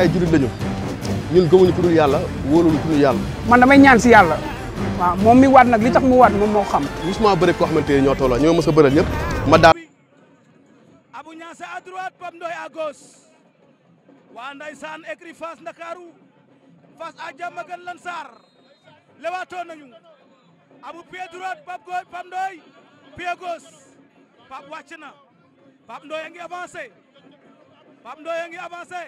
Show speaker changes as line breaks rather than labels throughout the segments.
ay jullit lañu ñun gëmuñu ku yàlla wóoluñu ku dul yàlla.
man damay ñaan yàlla. waaw moom mi waat nag li tax mu waat moom ñoo tolloo ñoo a bëral ñëpp ma daal. Abou Niasse à droite waa ndeysaan écrit face Ndakaaru face à Diamaguène Lansar lewaatoo nañu Abou pied droite Pape gauche Pape Ndoye pied gauche Pape wàcc na a ngi avancé Pape Ndoye a ngi avancé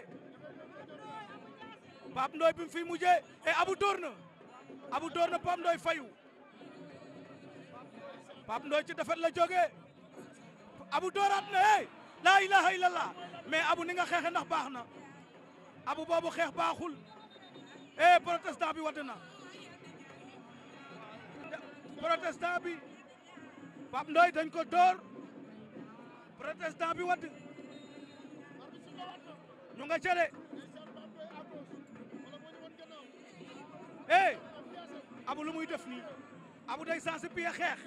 Pape Ndoye bi mu fi mujjee et Abou dóor na Abou dóor na Pape Ndoye fayu Pape Ndoye ci defet la jógee Abou dóoraat na hey laa ilaha illallah mais Abou ni nga xeexe ndax baax na Abou boobu xeex baaxul eh protestant bi wadd na protestant bi Pape Ndoye dañ ko dóor protestant bi wadd ñu nga jëlee abu lu muy def nii abu day sensibiliser xeex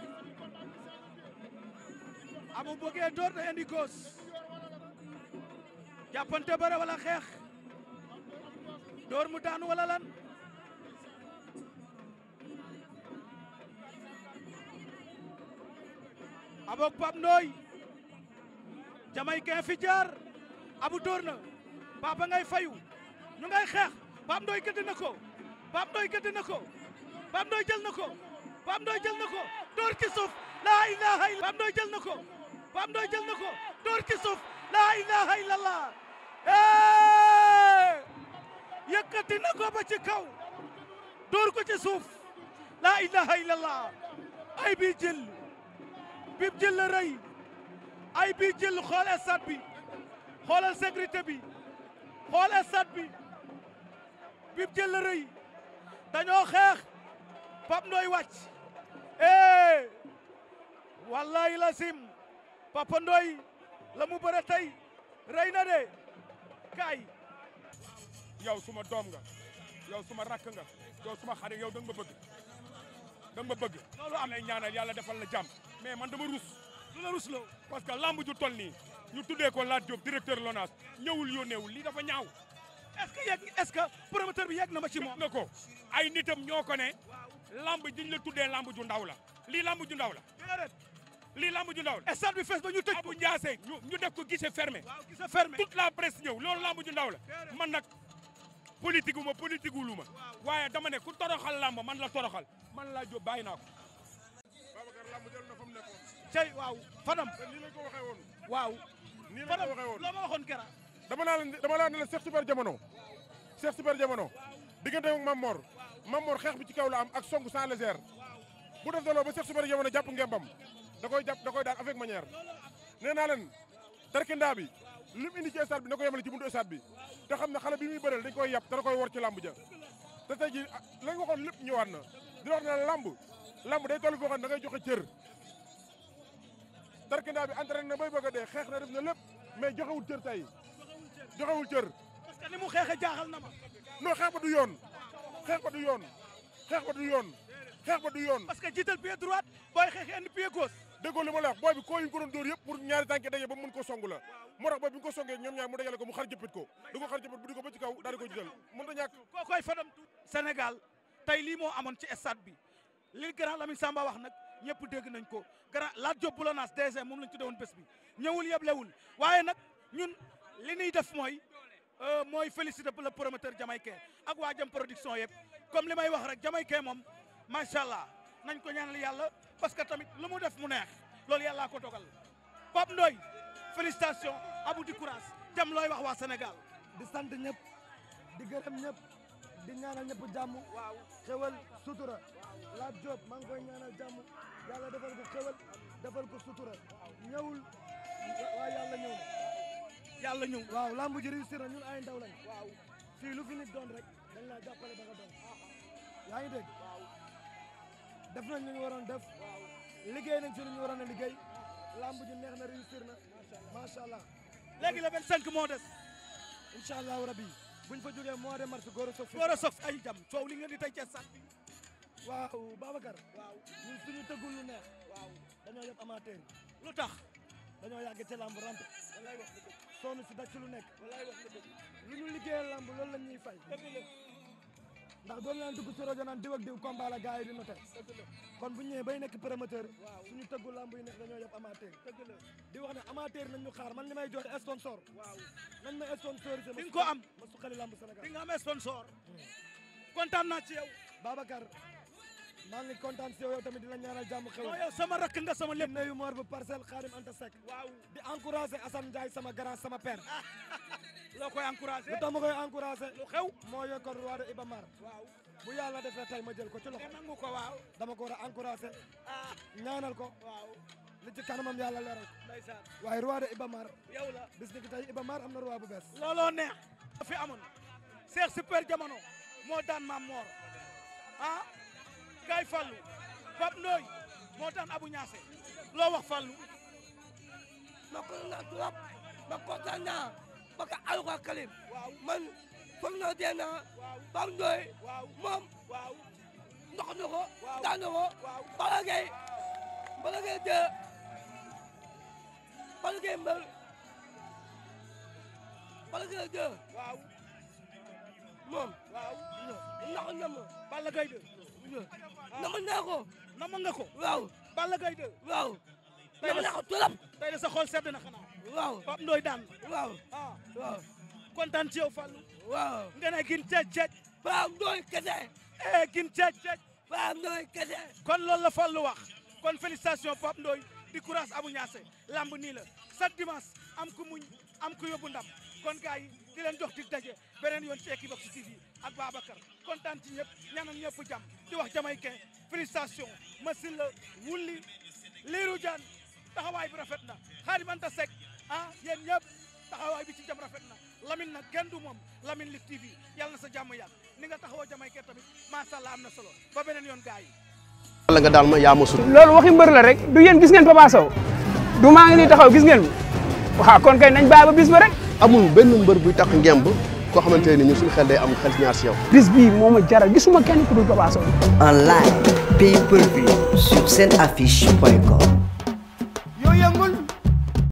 abu bëggee door na indi gauche bëre wala xeex door mu daanu wala lan aboog Pape Ndoye Jamaïcain fi jaar abu door na Papa ngay fayu ñu ngay xeex Pape Ndoye gëdd na ko Pape Pape Ndoye jël na ko Pape Ndoye jël ko door ci suuf laa ilaha illa Pape Ndoye jël na ko Pape ci suuf laa ilaha illallah yëkkati ko ba ci kaw door ko ci suuf laa ilaha illallah ay bi jël bi jël rëy ay bi jël xool stade bi xoolal sécurité bi xool stade bi bi jël rëy dañoo xeex Pape Ndoye wàcc eh wallahi la sim Papa la mu bëre tey rey na de kaay yow suma doom nga yow suma rakk nga yow suma xarit yow danga ma bëgg danga ma bëgg loolu am lay ñaanal yàlla defal la jàmm mais man dama rus lu parce que lamb ju toll nii ñu tuddee ko Lat Diop directeur LONASE ñëwul yónneewul lii dafa ñaaw est-ce que est-ce que promoteur bi yegg na ma ci na ko ay nitam ñoo ko ne lamb jiñ la tuddee lamb ju ndaw la lii lamb ju ndaw la. lii lamb ju ndaw la. stade bi fees ba ñu tëj. Abou Ndiassé ñu ñu ko guichet fermé. waaw guichet la presse ñëw loolu lamb ju ndaw la man nag. politique ma politique wulu ma waaye dama ne ku toroxal lamb man la toroxal man laa jóg bàyyi naa ko.
Babacar waaw Fadam. te nii la ko waxee waaw. nii la ma waxoon keroog. dama laa dama laa ne la Cheikh Super Jamono Cheikh Super Jamono diggante ak Mamor xeex bi ci kaw la am ak song sans légère bu def daloo ba Cheikh Super Jamono jàpp ngembam da koy jàpp da koy daal avec manière nee naa leen tarkindaa bi li mu indi ci stade bi na ko yemale ci buntu stade bi te xam ne xale bi muy bëreel dañ koy yàpp te da koy war ci làmb ja te tey jii ah, lañ waxoon lépp ñëwaat na di wax ne làmb làmb day toll foo xam ne da ngay joxe cër tarkindaa bi entraîné na bay bëgg dee xeex na def na lépp mais joxewul cër tey joxewul cër. parce que ni mu xeexee jaaxal na ma. non xeex ba du yoon xeex ba du yoon xeex ba du yoon parce que booy xeexee indi pied gauche. déggoo li ma booy bi koo yi ko doon dóor yëpp pour ñaari tànk daje ba mu mën ko song la moo tax booy bi ñu ko songee ñoom ñaar mu dajale ko mu xar jëppit ko du xar jëppit bu di ba ci kaw daal di ko mën ta ñàkk koo koy fadam tu Sénégal tey lii moo amoon ci stade bi li grand Lamine
Samba wax nag ñëpp dégg nañ ko grand Lat Diop Boulanas moom lañ tudde woon bés bi ñëwul yeblewul li ñuy def mooy euh, mooy féliciter le promoteur jamaïcain ak waa production yëpp comme li may wax rek jamaïcain moom macha allah nañ ko ñaanal yàlla parce que tamit lu mu def mu neex loolu yàllaa ko dogal Pape Ndoye félicitation abou di courage jam looy wax waa Sénégal di sant ñëpp di gërëm ñëpp di ñaanal ñëpp jàmm waaw xewal sutura la Diop maa ngi ñaanal jàmm yàlla defal ko xewal defal ko sutura ñëwul waa yàlla ñëw yàlla ñëw. waaw lamb ji réussir na ñun ay ndaw waaw fii lu fi nit doon rek dañ laa jàppale ba nga doon. yaa ngi dégg. def nañ li ñu waroon def. waaw liggéey nañ ci li ñu waroon a liggéey. lamb ji neex na réussir na. macha allah léegi le 25 moo des. incha allahu rabi buñ fa jógee mois de mars góor a sof. góor a sof ay jam coow li ngeen di tey ca sax bi. waaw Babacar. waaw ñun tëggul lu neex. dañoo yëpp amateur. lu tax. dañoo yàgg ci làmb rampe sonn si daj si lu nekk lu ñu liggéeyal làmb loolu la ñuy fay ndax doon leen dugg si rajo naan diw ak diw combat la gars yi di noté kon bu ñëwee bay nekk promoteur suñu tëggu làmb yi nekk dañoo yëpp amateur di wax ne amateur nañ ñu xaar man li may joxe sponsor nañ ma sponsorisé di nga ko am ma suqali làmb Sénégal di nga am sponsor kontaan naa ci yow Babacar maa ngi kontaan si yow yow tamit di ñaanal jàmm xew yow sama rakk nga sama lépp nuyu Mor bu parcelle Xaadim Anta Seck di encouragé Assane Ndiaye sama grand sama père loo koy encouragé lu ma koy encouragé lu xew moo yokkoon roi de Ibamar waaw bu ma jël ko ci loxo nangu ko waaw ko war a ah. ko waaw li ci kanamam yàlla leeral ndeysaan waaye roi Ibamar yow la bis ni ki tey Ibamar am na roi bu bees looloo neex fi amoon Cheikh Super Jamono moo daan Maam Mor ah. kaay Fallou Pape Ndoye moo daan Abou Niassé loo wax Fallou ma ko na trop ma kontaan naa ba ka alxuraan man foog dee naa Pape Ndoye moom ndox na ko daan na ko Balla Gaye Balla Gaye de Balla Gaye moom ndox na ma Balla Gaye de namoon naa ko. namoon na ko. waaw. Balla Gaye 2. waaw. ko trop. tey de sa xol sedd na xanaa. waaw Pape Ndoye daan. waaw ah waaw. kontaan ci nga ne kin ceec ceec. Pape Ndoye eh, kon loolu la Fallou wax kon félicitation Pape Ndoye di courage Abou Niassé lamb nii la chaque dimanche am ku muñ am ku yóbbu kon gars yi jox leen dox dig daje beneen yoon ci Equivox TV ak Babacar kontaan ci ñëpp ñaanal ñëpp jàmm di wax jamaïcain félicitation Masila Wulli Liiru Jaan taxawaay bi rafet na Xaadim Anta Seck ah yéen ñëpp taxawaay bi ci jam rafet na lamin na kenn du moom Lamine Lutte TV yàlla na sa jàmm yàgg ni nga taxawoo jamaïcain tamit macha allah am na solo ba beneen yoon gars yi. wala nga daal ma yaa ma sut. loolu waxi mbër la rek du yéen gis ngeen Papa Sow du maa ngi gis ngeen waaw kon kay nañ bàyyi ba bis ba amul benn mbër buy tax ngemb koo xamante ni ñun suñu xel day am xel ñaar si yow. bis
bii moo ma jaral gisuma kenn ku dul Papa en live pay per view sur seen affiche point com.